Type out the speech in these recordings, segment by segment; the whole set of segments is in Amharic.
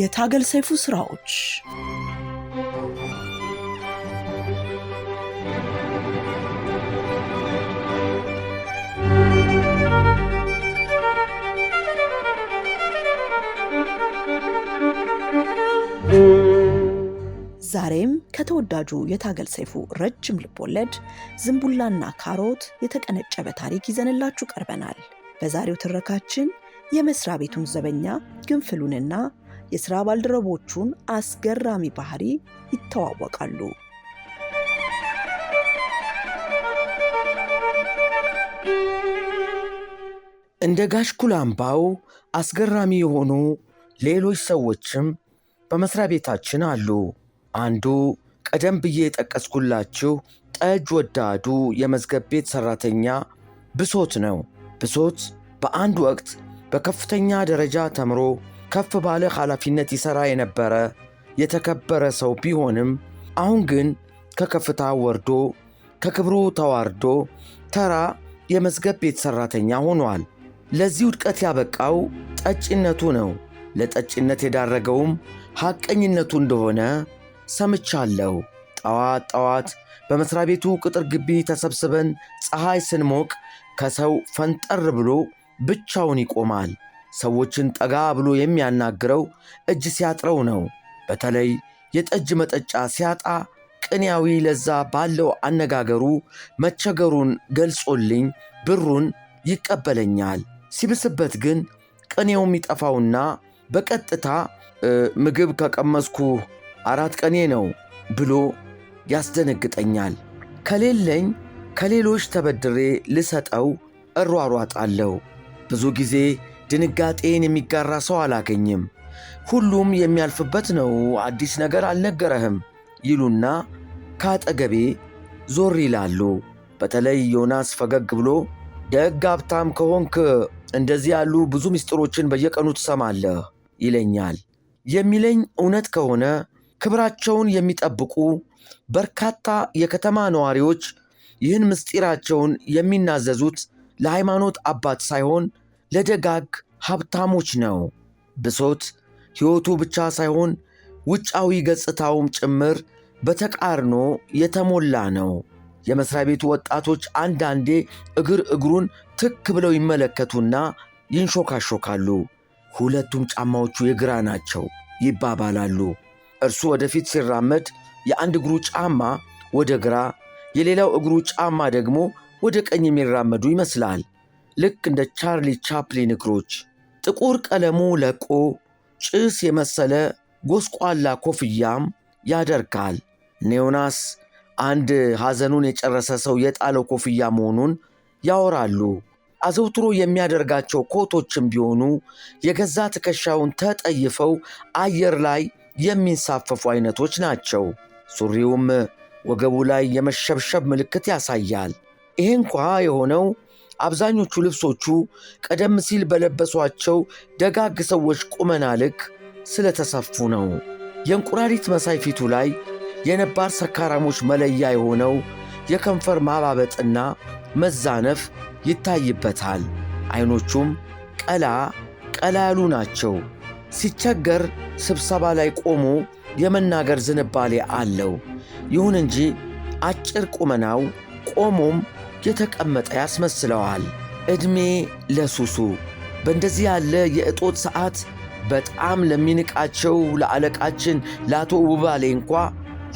የታገል ሰይፉ ስራዎች ዛሬም ከተወዳጁ የታገል ሰይፉ ረጅም ልቦለድ ዝንቡላና ካሮት የተቀነጨበ ታሪክ ይዘንላችሁ ቀርበናል። በዛሬው ትረካችን የመስሪያ ቤቱን ዘበኛ ግንፍሉንና የሥራ ባልደረቦቹን አስገራሚ ባህሪ ይተዋወቃሉ። እንደ ጋሽ ኩላምባው አስገራሚ የሆኑ ሌሎች ሰዎችም በመስሪያ ቤታችን አሉ። አንዱ ቀደም ብዬ የጠቀስኩላችሁ ጠጅ ወዳዱ የመዝገብ ቤት ሠራተኛ ብሶት ነው። ብሶት በአንድ ወቅት በከፍተኛ ደረጃ ተምሮ ከፍ ባለ ኃላፊነት ይሠራ የነበረ የተከበረ ሰው ቢሆንም አሁን ግን ከከፍታ ወርዶ ከክብሩ ተዋርዶ ተራ የመዝገብ ቤት ሠራተኛ ሆኗል። ለዚህ ውድቀት ያበቃው ጠጭነቱ ነው። ለጠጭነት የዳረገውም ሐቀኝነቱ እንደሆነ ሰምቻለሁ። ጠዋት ጠዋት በመሥሪያ ቤቱ ቅጥር ግቢ ተሰብስበን ፀሐይ ስንሞቅ ከሰው ፈንጠር ብሎ ብቻውን ይቆማል። ሰዎችን ጠጋ ብሎ የሚያናግረው እጅ ሲያጥረው ነው። በተለይ የጠጅ መጠጫ ሲያጣ ቅኔያዊ ለዛ ባለው አነጋገሩ መቸገሩን ገልጾልኝ ብሩን ይቀበለኛል። ሲብስበት ግን ቅኔውም ይጠፋውና በቀጥታ ምግብ ከቀመስኩ አራት ቀኔ ነው ብሎ ያስደነግጠኛል። ከሌለኝ ከሌሎች ተበድሬ ልሰጠው እሯሯጣለሁ። ብዙ ጊዜ ድንጋጤን የሚጋራ ሰው አላገኝም። ሁሉም የሚያልፍበት ነው፣ አዲስ ነገር አልነገረህም ይሉና ከአጠገቤ ዞር ይላሉ። በተለይ ዮናስ ፈገግ ብሎ ደግ ሀብታም ከሆንክ እንደዚህ ያሉ ብዙ ምስጢሮችን በየቀኑ ትሰማለህ ይለኛል። የሚለኝ እውነት ከሆነ ክብራቸውን የሚጠብቁ በርካታ የከተማ ነዋሪዎች ይህን ምስጢራቸውን የሚናዘዙት ለሃይማኖት አባት ሳይሆን ለደጋግ ሀብታሞች ነው። ብሶት ሕይወቱ ብቻ ሳይሆን ውጫዊ ገጽታውም ጭምር በተቃርኖ የተሞላ ነው። የመስሪያ ቤቱ ወጣቶች አንዳንዴ እግር እግሩን ትክ ብለው ይመለከቱና ይንሾካሾካሉ። ሁለቱም ጫማዎቹ የግራ ናቸው ይባባላሉ። እርሱ ወደፊት ሲራመድ የአንድ እግሩ ጫማ ወደ ግራ፣ የሌላው እግሩ ጫማ ደግሞ ወደ ቀኝ የሚራመዱ ይመስላል። ልክ እንደ ቻርሊ ቻፕሊን እግሮች ጥቁር ቀለሙ ለቆ ጭስ የመሰለ ጎስቋላ ኮፍያም ያደርጋል። ኔዮናስ አንድ ሐዘኑን የጨረሰ ሰው የጣለው ኮፍያ መሆኑን ያወራሉ። አዘውትሮ የሚያደርጋቸው ኮቶችም ቢሆኑ የገዛ ትከሻውን ተጠይፈው አየር ላይ የሚንሳፈፉ አይነቶች ናቸው። ሱሪውም ወገቡ ላይ የመሸብሸብ ምልክት ያሳያል። ይህ እንኳ የሆነው አብዛኞቹ ልብሶቹ ቀደም ሲል በለበሷቸው ደጋግ ሰዎች ቁመና ልክ ስለተሰፉ ነው። የእንቁራሪት መሳይ ፊቱ ላይ የነባር ሰካራሞች መለያ የሆነው የከንፈር ማባበጥና መዛነፍ ይታይበታል። ዐይኖቹም ቀላ ቀላ ያሉ ናቸው። ሲቸገር ስብሰባ ላይ ቆሞ የመናገር ዝንባሌ አለው። ይሁን እንጂ አጭር ቁመናው ቆሞም የተቀመጠ ያስመስለዋል። ዕድሜ ለሱሱ በእንደዚህ ያለ የእጦት ሰዓት በጣም ለሚንቃቸው ለአለቃችን ለአቶ ውባሌ እንኳ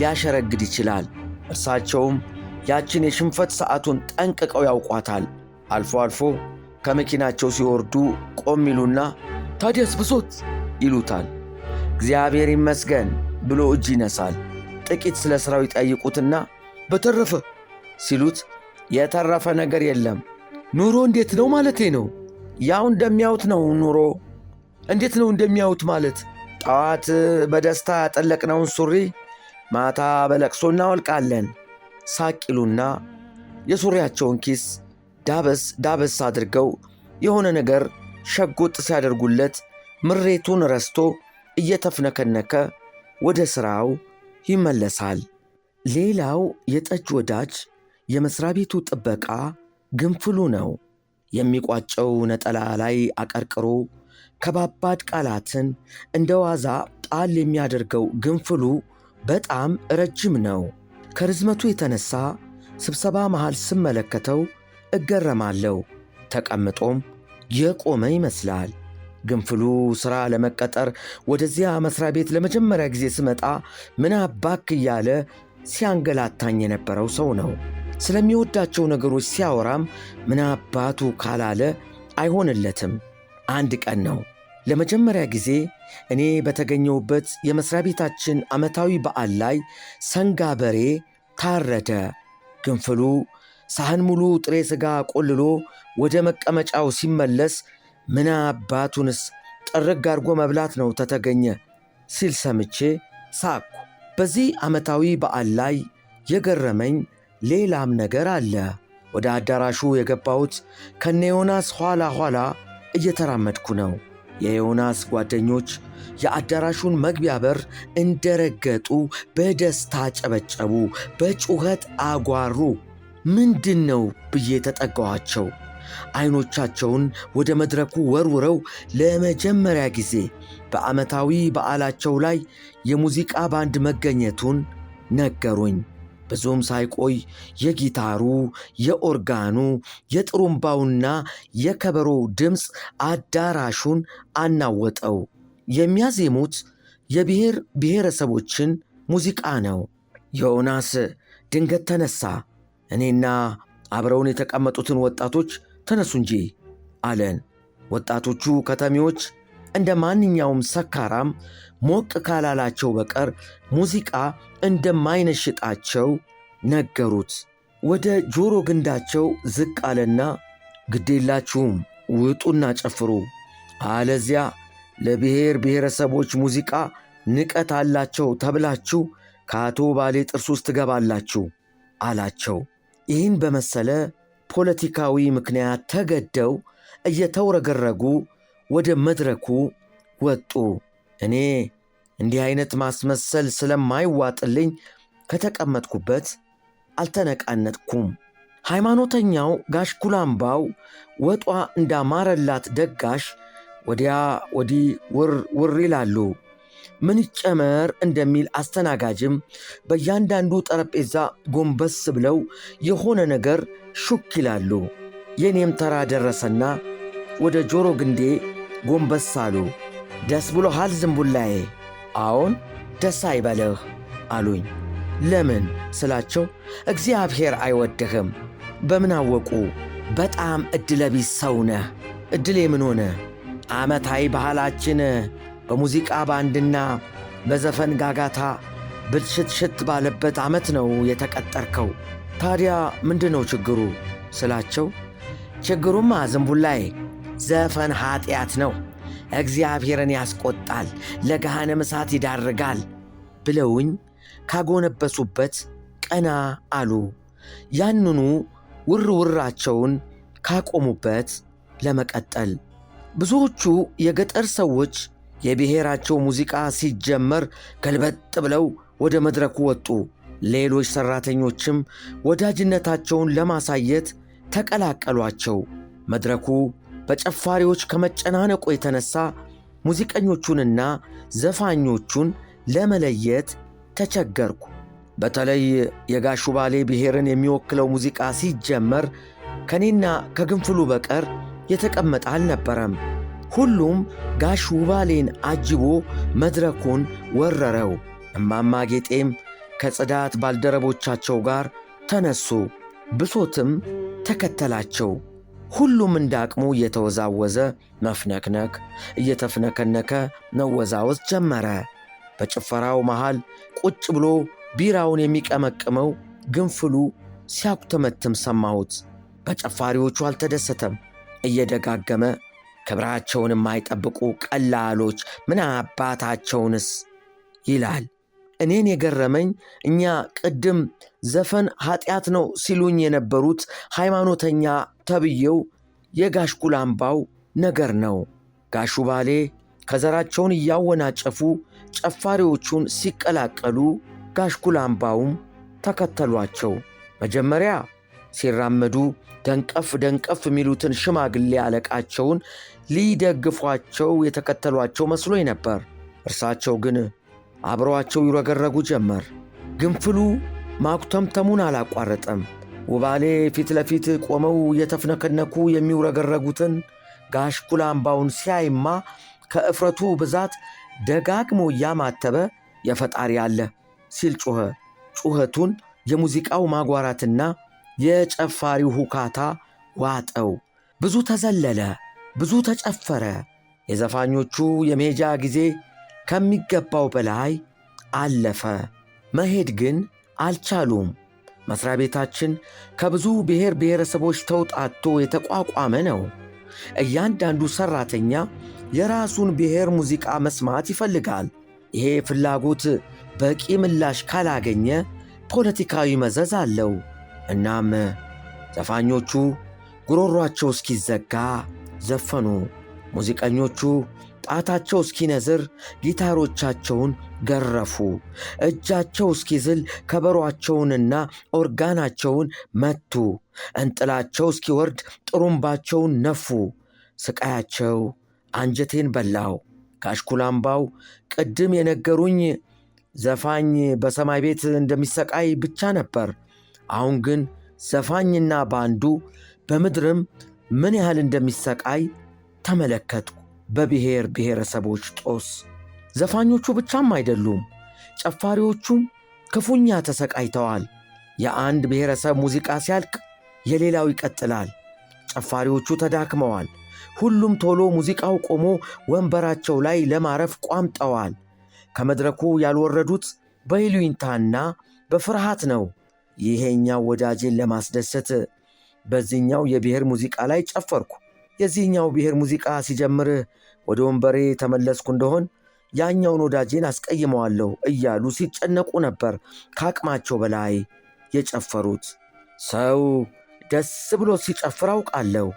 ሊያሸረግድ ይችላል። እርሳቸውም ያችን የሽንፈት ሰዓቱን ጠንቅቀው ያውቋታል። አልፎ አልፎ ከመኪናቸው ሲወርዱ ቆም ይሉና ታዲያስ ብሶት ይሉታል። እግዚአብሔር ይመስገን ብሎ እጅ ይነሳል። ጥቂት ስለ ሥራው ይጠይቁትና በተረፈ ሲሉት የተረፈ ነገር የለም። ኑሮ እንዴት ነው ማለቴ ነው። ያው እንደሚያዩት ነው ኑሮ። እንዴት ነው እንደሚያዩት ማለት? ጠዋት በደስታ ያጠለቅነውን ሱሪ ማታ በለቅሶ እናወልቃለን። ሳቂሉና የሱሪያቸውን ኪስ ዳበስ ዳበስ አድርገው የሆነ ነገር ሸጎጥ ሲያደርጉለት ምሬቱን ረስቶ እየተፍነከነከ ወደ ሥራው ይመለሳል። ሌላው የጠጅ ወዳጅ የመሥሪያ ቤቱ ጥበቃ ግንፍሉ ነው። የሚቋጨው ነጠላ ላይ አቀርቅሮ ከባባድ ቃላትን እንደ ዋዛ ጣል የሚያደርገው ግንፍሉ በጣም ረጅም ነው። ከርዝመቱ የተነሳ ስብሰባ መሃል ስመለከተው እገረማለሁ። ተቀምጦም የቆመ ይመስላል። ግንፍሉ ሥራ ለመቀጠር ወደዚያ መሥሪያ ቤት ለመጀመሪያ ጊዜ ስመጣ ምን አባክ እያለ ሲያንገላታኝ የነበረው ሰው ነው። ስለሚወዳቸው ነገሮች ሲያወራም ምናባቱ ካላለ አይሆንለትም። አንድ ቀን ነው ለመጀመሪያ ጊዜ እኔ በተገኘውበት የመሥሪያ ቤታችን ዓመታዊ በዓል ላይ ሰንጋ በሬ ታረደ። ግንፍሉ ሳህን ሙሉ ጥሬ ሥጋ ቆልሎ ወደ መቀመጫው ሲመለስ ምናባቱንስ ጥርግ አድርጎ መብላት ነው ተተገኘ ሲል ሰምቼ ሳቅሁ። በዚህ ዓመታዊ በዓል ላይ የገረመኝ ሌላም ነገር አለ። ወደ አዳራሹ የገባሁት ከነ ዮናስ ኋላ ኋላ እየተራመድኩ ነው። የዮናስ ጓደኞች የአዳራሹን መግቢያ በር እንደረገጡ በደስታ ጨበጨቡ፣ በጩኸት አጓሩ። ምንድን ነው ብዬ ተጠጋኋቸው። አይኖቻቸውን ወደ መድረኩ ወርውረው ለመጀመሪያ ጊዜ በዓመታዊ በዓላቸው ላይ የሙዚቃ ባንድ መገኘቱን ነገሩኝ። ብዙም ሳይቆይ የጊታሩ፣ የኦርጋኑ፣ የጥሩምባውና የከበሮው ድምፅ አዳራሹን አናወጠው። የሚያዜሙት የብሔር ብሔረሰቦችን ሙዚቃ ነው። ዮናስ ድንገት ተነሳ። እኔና አብረውን የተቀመጡትን ወጣቶች ተነሱ እንጂ አለን። ወጣቶቹ ከተሜዎች እንደ ማንኛውም ሰካራም ሞቅ ካላላቸው በቀር ሙዚቃ እንደማይነሽጣቸው ነገሩት። ወደ ጆሮ ግንዳቸው ዝቅ አለና ግዴላችሁም ውጡና ጨፍሩ፣ አለዚያ ለብሔር ብሔረሰቦች ሙዚቃ ንቀት አላቸው ተብላችሁ ከአቶ ባሌ ጥርስ ውስጥ ትገባላችሁ አላቸው። ይህን በመሰለ ፖለቲካዊ ምክንያት ተገደው እየተውረገረጉ ወደ መድረኩ ወጡ። እኔ እንዲህ አይነት ማስመሰል ስለማይዋጥልኝ ከተቀመጥኩበት አልተነቃነጥኩም። ሃይማኖተኛው ጋሽ ኩላምባው ወጧ እንዳማረላት ደጋሽ ወዲያ ወዲህ ውር ውር ይላሉ። ምን ጨመር እንደሚል አስተናጋጅም በእያንዳንዱ ጠረጴዛ ጎንበስ ብለው የሆነ ነገር ሹክ ይላሉ። የእኔም ተራ ደረሰና ወደ ጆሮ ግንዴ ጎንበስ አሉ። ደስ ብሎሃል ዝንቡላዬ? አዎን ደስ አይበልህ አሉኝ። ለምን ስላቸው እግዚአብሔር አይወድህም። በምን አወቁ? በጣም ቢስ ሰው ነህ። ዕድሌ ምን ሆነ? ዓመታዊ ባህላችን በሙዚቃ ባንድና በዘፈን ጋጋታ ብልሽትሽት ባለበት ዓመት ነው የተቀጠርከው። ታዲያ ምንድን ነው ችግሩ ስላቸው፣ ችግሩማ ዝንቡላዬ ዘፈን ኀጢአት ነው፣ እግዚአብሔርን ያስቆጣል፣ ለገሃነመ እሳት ይዳርጋል ብለውኝ ካጎነበሱበት ቀና አሉ። ያንኑ ውርውራቸውን ካቆሙበት ለመቀጠል ብዙዎቹ የገጠር ሰዎች የብሔራቸው ሙዚቃ ሲጀመር ገልበጥ ብለው ወደ መድረኩ ወጡ። ሌሎች ሠራተኞችም ወዳጅነታቸውን ለማሳየት ተቀላቀሏቸው። መድረኩ በጨፋሪዎች ከመጨናነቁ የተነሳ ሙዚቀኞቹንና ዘፋኞቹን ለመለየት ተቸገርኩ። በተለይ የጋሹ ባሌ ብሔርን የሚወክለው ሙዚቃ ሲጀመር ከኔና ከግንፍሉ በቀር የተቀመጠ አልነበረም። ሁሉም ጋሽ ውባሌን አጅቦ መድረኩን ወረረው። እማማ ጌጤም ከጽዳት ባልደረቦቻቸው ጋር ተነሱ። ብሶትም ተከተላቸው። ሁሉም እንደ አቅሙ እየተወዛወዘ መፍነክነክ፣ እየተፍነከነከ መወዛወዝ ጀመረ። በጭፈራው መሃል ቁጭ ብሎ ቢራውን የሚቀመቅመው ግንፍሉ ሲያቁተመትም ሰማሁት። በጨፋሪዎቹ አልተደሰተም። እየደጋገመ ክብራቸውን የማይጠብቁ ቀላሎች ምን አባታቸውንስ ይላል። እኔን የገረመኝ እኛ ቅድም ዘፈን ኃጢአት ነው ሲሉኝ የነበሩት ሃይማኖተኛ ተብዬው የጋሽ ቁላምባው ነገር ነው። ጋሹ ባሌ ከዘራቸውን እያወናጨፉ ጨፋሪዎቹን ሲቀላቀሉ ጋሽ ጉላምባውም ተከተሏቸው። መጀመሪያ ሲራመዱ ደንቀፍ ደንቀፍ የሚሉትን ሽማግሌ አለቃቸውን ሊደግፏቸው የተከተሏቸው መስሎኝ ነበር። እርሳቸው ግን አብረዋቸው ይረገረጉ ጀመር። ግንፍሉ ማኩተምተሙን አላቋረጠም። ውባሌ ፊት ለፊት ቆመው እየተፍነከነኩ የሚውረገረጉትን ጋሽ ኩላምባውን ሲያይማ ከእፍረቱ ብዛት ደጋግሞ እያማተበ የፈጣሪ አለ ሲል ጩኸ። ጩኸቱን የሙዚቃው ማጓራትና የጨፋሪው ሁካታ ዋጠው። ብዙ ተዘለለ፣ ብዙ ተጨፈረ። የዘፋኞቹ የሜጃ ጊዜ ከሚገባው በላይ አለፈ። መሄድ ግን አልቻሉም። መሥሪያ ቤታችን ከብዙ ብሔር ብሔረሰቦች ተውጣቶ የተቋቋመ ነው። እያንዳንዱ ሠራተኛ የራሱን ብሔር ሙዚቃ መስማት ይፈልጋል። ይሄ ፍላጎት በቂ ምላሽ ካላገኘ ፖለቲካዊ መዘዝ አለው። እናም ዘፋኞቹ ጉሮሯቸው እስኪዘጋ ዘፈኑ። ሙዚቀኞቹ ጣታቸው እስኪነዝር ጊታሮቻቸውን ገረፉ። እጃቸው እስኪዝል ከበሮአቸውንና ኦርጋናቸውን መቱ። እንጥላቸው እስኪወርድ ጥሩምባቸውን ነፉ። ስቃያቸው አንጀቴን በላው። ካሽኩላምባው ቅድም የነገሩኝ ዘፋኝ በሰማይ ቤት እንደሚሰቃይ ብቻ ነበር። አሁን ግን ዘፋኝና ባንዱ በምድርም ምን ያህል እንደሚሰቃይ ተመለከትኩ። በብሔር ብሔረሰቦች ጦስ ዘፋኞቹ ብቻም አይደሉም፣ ጨፋሪዎቹም ክፉኛ ተሰቃይተዋል። የአንድ ብሔረሰብ ሙዚቃ ሲያልቅ የሌላው ይቀጥላል። ጨፋሪዎቹ ተዳክመዋል። ሁሉም ቶሎ ሙዚቃው ቆሞ ወንበራቸው ላይ ለማረፍ ቋምጠዋል። ከመድረኩ ያልወረዱት በይሉኝታና በፍርሃት ነው። ይሄኛው ወዳጄን ለማስደሰት በዚህኛው የብሔር ሙዚቃ ላይ ጨፈርኩ የዚህኛው ብሔር ሙዚቃ ሲጀምር ወደ ወንበሬ ተመለስኩ እንደሆን ያኛውን ወዳጄን አስቀይመዋለሁ እያሉ ሲጨነቁ ነበር ከአቅማቸው በላይ የጨፈሩት። ሰው ደስ ብሎ ሲጨፍር አውቃለሁ።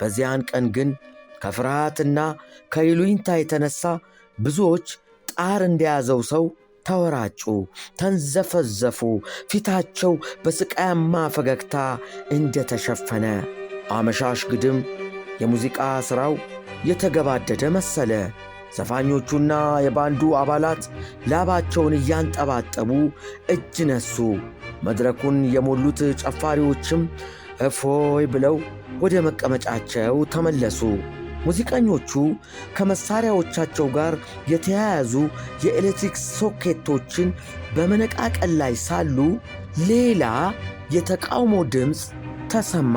በዚያን ቀን ግን ከፍርሃትና ከይሉኝታ የተነሳ ብዙዎች ጣር እንደያዘው ሰው ተወራጩ፣ ተንዘፈዘፉ። ፊታቸው በስቃያማ ፈገግታ እንደተሸፈነ አመሻሽ ግድም የሙዚቃ ሥራው የተገባደደ መሰለ። ዘፋኞቹና የባንዱ አባላት ላባቸውን እያንጠባጠቡ እጅ ነሱ። መድረኩን የሞሉት ጨፋሪዎችም እፎይ ብለው ወደ መቀመጫቸው ተመለሱ። ሙዚቀኞቹ ከመሳሪያዎቻቸው ጋር የተያያዙ የኤሌክትሪክ ሶኬቶችን በመነቃቀል ላይ ሳሉ ሌላ የተቃውሞ ድምፅ ተሰማ።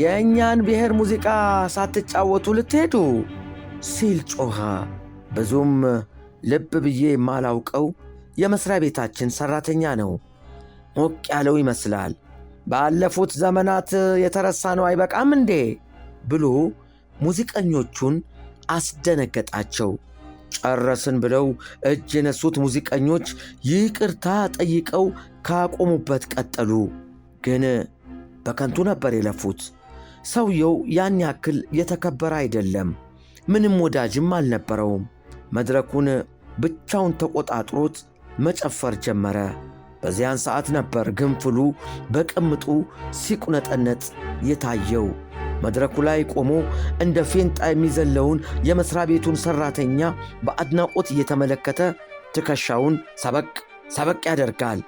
የእኛን ብሔር ሙዚቃ ሳትጫወቱ ልትሄዱ ሲል ጮኸ። ብዙም ልብ ብዬ የማላውቀው የመሥሪያ ቤታችን ሠራተኛ ነው። ሞቅ ያለው ይመስላል። ባለፉት ዘመናት የተረሳ ነው አይበቃም እንዴ ብሎ ሙዚቀኞቹን አስደነገጣቸው። ጨረስን ብለው እጅ የነሱት ሙዚቀኞች ይቅርታ ጠይቀው ካቆሙበት ቀጠሉ ግን በከንቱ ነበር የለፉት። ሰውየው ያን ያክል የተከበረ አይደለም፣ ምንም ወዳጅም አልነበረውም። መድረኩን ብቻውን ተቆጣጥሮት መጨፈር ጀመረ። በዚያን ሰዓት ነበር ግንፍሉ በቅምጡ ሲቁነጠነጥ የታየው። መድረኩ ላይ ቆሞ እንደ ፌንጣ የሚዘለውን የመሥሪያ ቤቱን ሠራተኛ በአድናቆት እየተመለከተ ትከሻውን ሰበቅ ሰበቅ ያደርጋል።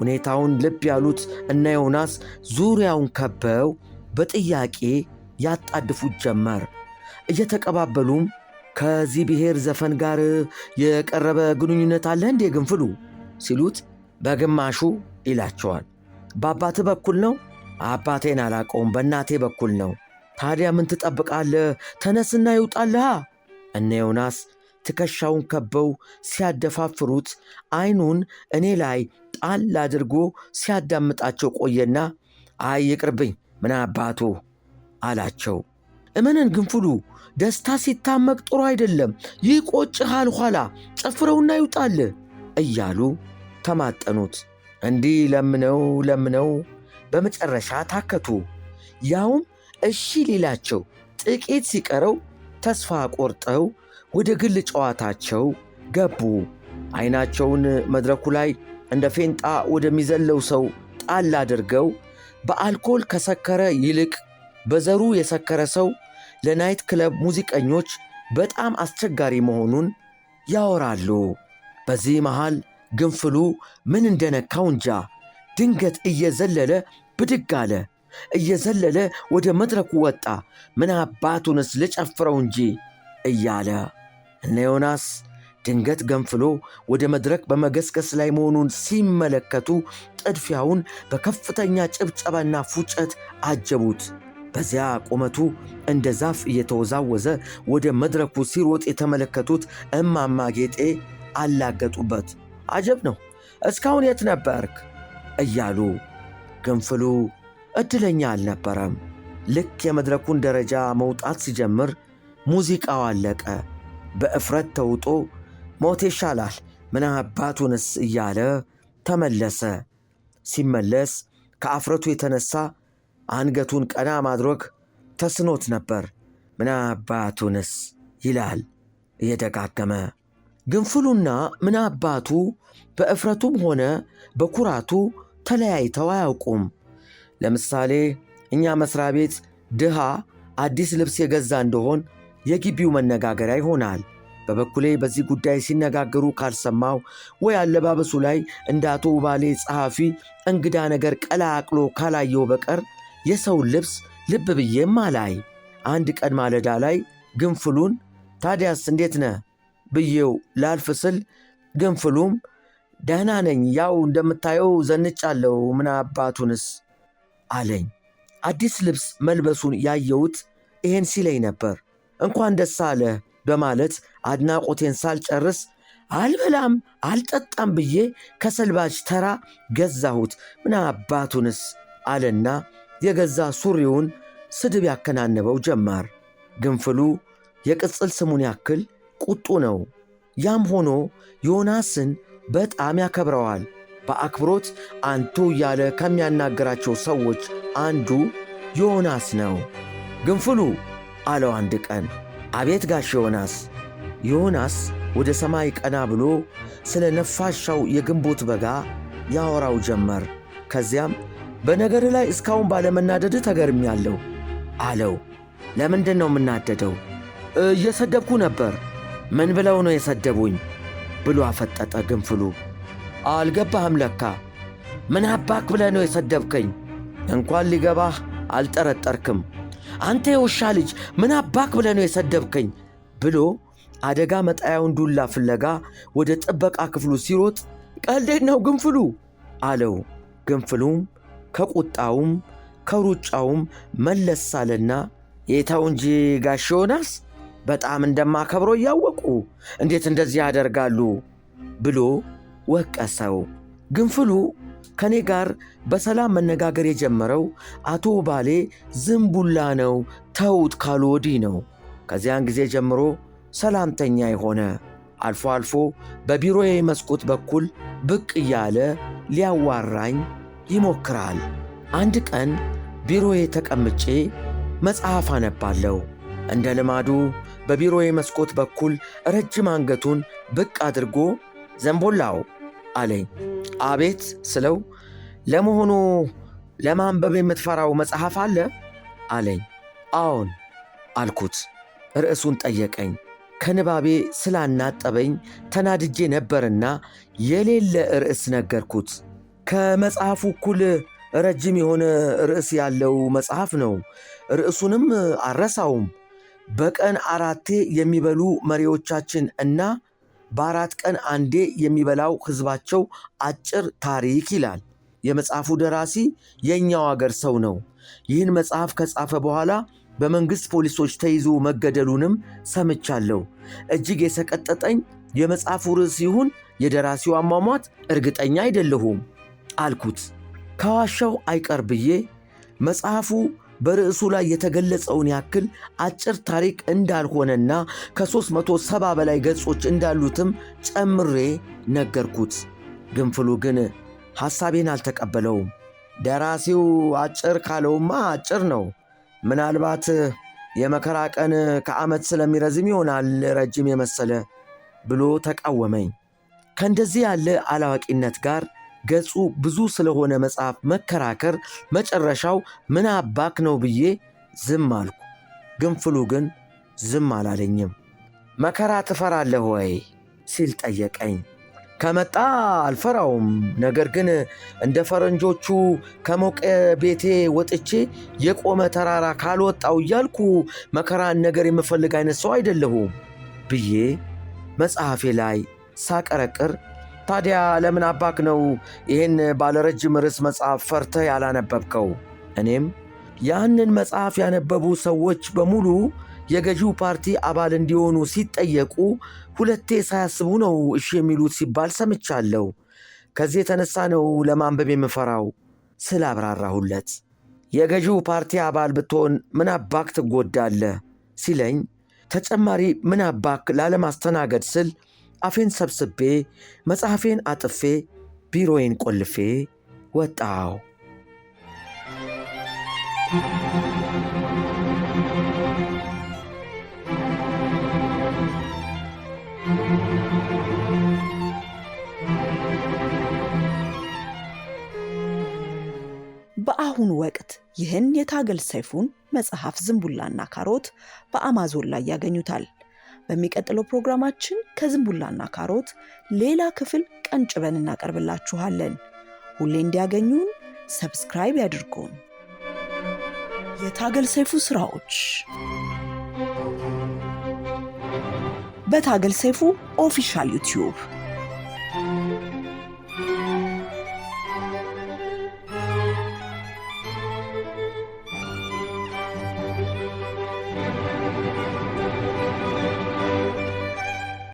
ሁኔታውን ልብ ያሉት እነ ዮናስ ዙሪያውን ከበው በጥያቄ ያጣድፉት ጀመር። እየተቀባበሉም ከዚህ ብሔር ዘፈን ጋር የቀረበ ግንኙነት አለ እንዴ ግንፍሉ ሲሉት በግማሹ ይላቸዋል። በአባት በኩል ነው? አባቴን አላቀውም፣ በእናቴ በኩል ነው። ታዲያ ምን ትጠብቃለህ? ተነስና ይውጣልሃ። እነ ዮናስ ትከሻውን ከበው ሲያደፋፍሩት አይኑን እኔ ላይ ጣል አድርጎ ሲያዳምጣቸው ቆየና አይ ይቅርብኝ፣ ምን አባቱ አላቸው። እመነን ግንፍሉ ደስታ ሲታመቅ ጥሩ አይደለም፣ ይህ ቆጭሃል፣ ኋላ ጨፍረውና ይውጣል እያሉ ተማጠኑት። እንዲህ ለምነው ለምነው በመጨረሻ ታከቱ። ያውም እሺ ሌላቸው ጥቂት ሲቀረው ተስፋ ቆርጠው ወደ ግል ጨዋታቸው ገቡ። ዐይናቸውን መድረኩ ላይ እንደ ፌንጣ ወደሚዘለው ሰው ጣል አድርገው በአልኮል ከሰከረ ይልቅ በዘሩ የሰከረ ሰው ለናይት ክለብ ሙዚቀኞች በጣም አስቸጋሪ መሆኑን ያወራሉ። በዚህ መሃል ግንፍሉ ምን እንደነካው እንጃ ድንገት እየዘለለ ብድግ አለ። እየዘለለ ወደ መድረኩ ወጣ። ምን አባቱንስ ልጨፍረው እንጂ እያለ እነ ዮናስ ድንገት ገንፍሎ ወደ መድረክ በመገስገስ ላይ መሆኑን ሲመለከቱ ጥድፊያውን በከፍተኛ ጭብጨባና ፉጨት አጀቡት። በዚያ ቁመቱ እንደ ዛፍ እየተወዛወዘ ወደ መድረኩ ሲሮጥ የተመለከቱት እማማ ጌጤ አላገጡበት። አጀብ ነው፣ እስካሁን የት ነበርክ? እያሉ ግንፍሉ እድለኛ አልነበረም። ልክ የመድረኩን ደረጃ መውጣት ሲጀምር ሙዚቃው አለቀ። በእፍረት ተውጦ ሞት ይሻላል ምን አባቱንስ እያለ ተመለሰ። ሲመለስ ከአፍረቱ የተነሳ አንገቱን ቀና ማድረግ ተስኖት ነበር። አባቱንስ ይላል እየደጋገመ። ግንፍሉና አባቱ በእፍረቱም ሆነ በኩራቱ ተለያይተው አያውቁም። ለምሳሌ እኛ መስሪያ ቤት ድሃ አዲስ ልብስ የገዛ እንደሆን የግቢው መነጋገሪያ ይሆናል። በበኩሌ በዚህ ጉዳይ ሲነጋገሩ ካልሰማው ወይ አለባበሱ ላይ እንደ አቶ ውባሌ ጸሐፊ እንግዳ ነገር ቀላቅሎ ካላየው በቀር የሰውን ልብስ ልብ ብዬም አላይ። አንድ ቀን ማለዳ ላይ ግንፍሉን ታዲያስ እንዴት ነ ብዬው ላልፍ ስል ግንፍሉም ደህና ነኝ፣ ያው እንደምታየው ዘንጫለው፣ ምን አባቱንስ አለኝ። አዲስ ልብስ መልበሱን ያየሁት ይሄን ሲለኝ ነበር። እንኳን ደስ አለህ በማለት አድናቆቴን ሳልጨርስ አልበላም አልጠጣም ብዬ ከሰልባጅ ተራ ገዛሁት ምን አባቱንስ አለና የገዛ ሱሪውን ስድብ ያከናነበው ጀማር። ግንፍሉ የቅጽል ስሙን ያክል ቁጡ ነው። ያም ሆኖ ዮናስን በጣም ያከብረዋል። በአክብሮት አንቱ እያለ ከሚያናግራቸው ሰዎች አንዱ ዮናስ ነው። ግንፍሉ አለው አንድ ቀን አቤት ጋሽ ዮናስ! ዮናስ ወደ ሰማይ ቀና ብሎ ስለ ነፋሻው የግንቦት በጋ ያወራው ጀመር። ከዚያም በነገር ላይ እስካሁን ባለመናደድ ተገርሚያለሁ አለው። ለምንድን ነው የምናደደው? እየሰደብኩ ነበር። ምን ብለው ነው የሰደቡኝ? ብሎ አፈጠጠ ግንፍሉ። አልገባህም ለካ። ምን አባክ ብለህ ነው የሰደብከኝ? እንኳን ሊገባህ አልጠረጠርክም አንተ የውሻ ልጅ ምን አባክ ብለህ ነው የሰደብከኝ ብሎ አደጋ መጣያውን ዱላ ፍለጋ ወደ ጥበቃ ክፍሉ ሲሮጥ ቀልዴት ነው ግንፍሉ አለው። ግንፍሉም ከቁጣውም ከሩጫውም መለስ አለና የታው እንጂ ጋሽ ዮናስ በጣም እንደማከብሮ እያወቁ እንዴት እንደዚህ ያደርጋሉ ብሎ ወቀሰው። ግንፍሉ ከእኔ ጋር በሰላም መነጋገር የጀመረው አቶ ባሌ ዝንቡላ ነው ተውት ካሉ ወዲህ ነው። ከዚያን ጊዜ ጀምሮ ሰላምተኛ የሆነ አልፎ አልፎ በቢሮዬ መስኮት በኩል ብቅ እያለ ሊያዋራኝ ይሞክራል። አንድ ቀን ቢሮዬ ተቀምጬ መጽሐፍ አነባለሁ። እንደ ልማዱ በቢሮዬ መስኮት በኩል ረጅም አንገቱን ብቅ አድርጎ ዘንቦላው አለኝ። አቤት ስለው ለመሆኑ ለማንበብ የምትፈራው መጽሐፍ አለ አለኝ። አዎን አልኩት። ርዕሱን ጠየቀኝ። ከንባቤ ስላናጠበኝ ተናድጄ ነበርና የሌለ ርዕስ ነገርኩት። ከመጽሐፉ እኩል ረጅም የሆነ ርዕስ ያለው መጽሐፍ ነው። ርዕሱንም አረሳውም በቀን አራቴ የሚበሉ መሪዎቻችን እና በአራት ቀን አንዴ የሚበላው ህዝባቸው አጭር ታሪክ ይላል። የመጽሐፉ ደራሲ የእኛው አገር ሰው ነው። ይህን መጽሐፍ ከጻፈ በኋላ በመንግሥት ፖሊሶች ተይዞ መገደሉንም ሰምቻለሁ። እጅግ የሰቀጠጠኝ የመጽሐፉ ርዕስ ይሁን የደራሲው አሟሟት እርግጠኛ አይደለሁም አልኩት። ከዋሻው አይቀር ብዬ መጽሐፉ በርዕሱ ላይ የተገለጸውን ያክል አጭር ታሪክ እንዳልሆነና ከ370 በላይ ገጾች እንዳሉትም ጨምሬ ነገርኩት። ግንፍሉ ግን ሐሳቤን አልተቀበለውም። ደራሲው አጭር ካለውማ አጭር ነው፣ ምናልባት የመከራ ቀን ከዓመት ስለሚረዝም ይሆናል ረጅም የመሰለ ብሎ ተቃወመኝ። ከእንደዚህ ያለ አላዋቂነት ጋር ገጹ ብዙ ስለሆነ መጽሐፍ መከራከር መጨረሻው ምን አባክ ነው ብዬ ዝም አልኩ። ግንፍሉ ግን ዝም አላለኝም። መከራ ትፈራለህ ወይ ሲል ጠየቀኝ። ከመጣ አልፈራውም። ነገር ግን እንደ ፈረንጆቹ ከሞቀ ቤቴ ወጥቼ የቆመ ተራራ ካልወጣው እያልኩ መከራን ነገር የምፈልግ አይነት ሰው አይደለሁም ብዬ መጽሐፌ ላይ ሳቀረቅር ታዲያ ለምን አባክ ነው ይህን ባለረጅም ርዕስ መጽሐፍ ፈርተህ ያላነበብከው? እኔም ያንን መጽሐፍ ያነበቡ ሰዎች በሙሉ የገዢው ፓርቲ አባል እንዲሆኑ ሲጠየቁ ሁለቴ ሳያስቡ ነው እሺ የሚሉት ሲባል ሰምቻለሁ። ከዚህ የተነሳ ነው ለማንበብ የምፈራው ስላብራራሁለት። የገዢው ፓርቲ አባል ብትሆን ምን አባክ ትጎዳለህ ሲለኝ ተጨማሪ ምን አባክ ላለማስተናገድ ስል አፌን ሰብስቤ መጽሐፌን አጥፌ ቢሮዬን ቆልፌ ወጣው። በአሁኑ ወቅት ይህን የታገል ሰይፉን መጽሐፍ ዝንቡላና ካሮት በአማዞን ላይ ያገኙታል። በሚቀጥለው ፕሮግራማችን ከዝንቡላና ካሮት ሌላ ክፍል ቀንጭበን እናቀርብላችኋለን። ሁሌ እንዲያገኙን ሰብስክራይብ ያድርጉን። የታገል ሰይፉ ስራዎች በታገል ሰይፉ ኦፊሻል ዩቲዩብ